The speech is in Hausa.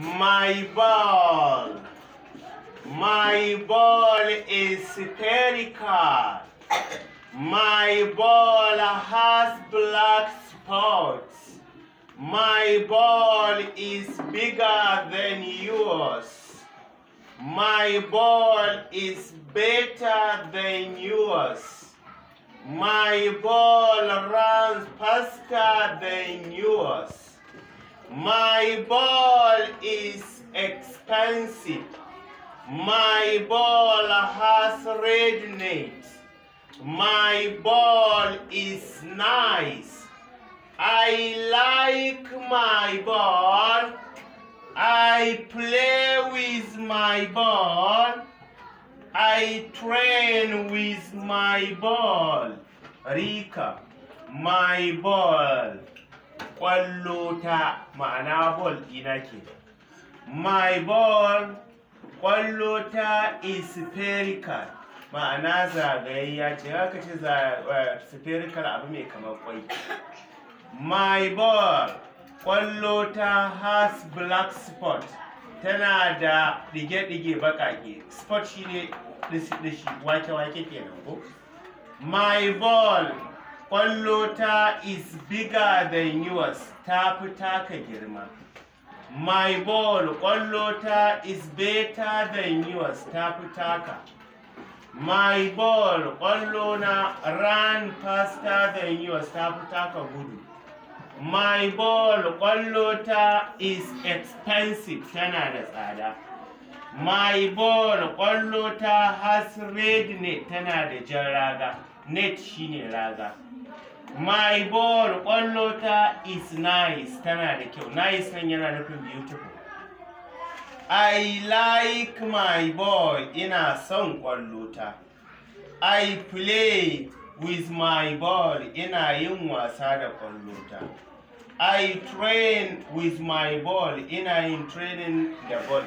My ball. My ball is spherical. My ball has black spots. My ball is bigger than yours. My ball is better than yours. My ball runs faster than yours. My ball is expensive. My ball has red My ball is nice. I like my ball. I play with my ball. I train with my ball. Rika, my ball. Kwallota ma'ana ball inaki. my ball kwallo ta is spherical ma'ana zagayayya ce haka ce spherical abu mai kamar kwai my ball kwallo ta has black spot tana da ɗige-ɗige baƙaƙe spot shine dishi wake-wake kenan ko my ball ƙwallo ta is bigger than yours ta fi taka girma my ball ta is better than yours ta fi taka my ball ƙwallona ran faster than yours ta fi taka gudu my ball ƙwallota is expensive tana da tsada my ball ta has red net tana da jan raga net shine raga my ball ƙwallota is nice tana da kyau nice nan yana nufin beautiful I like my ball ina son ƙwallota. I play with my ball ina yin wasa da ƙwallota. I train with my ball ina yin training da ball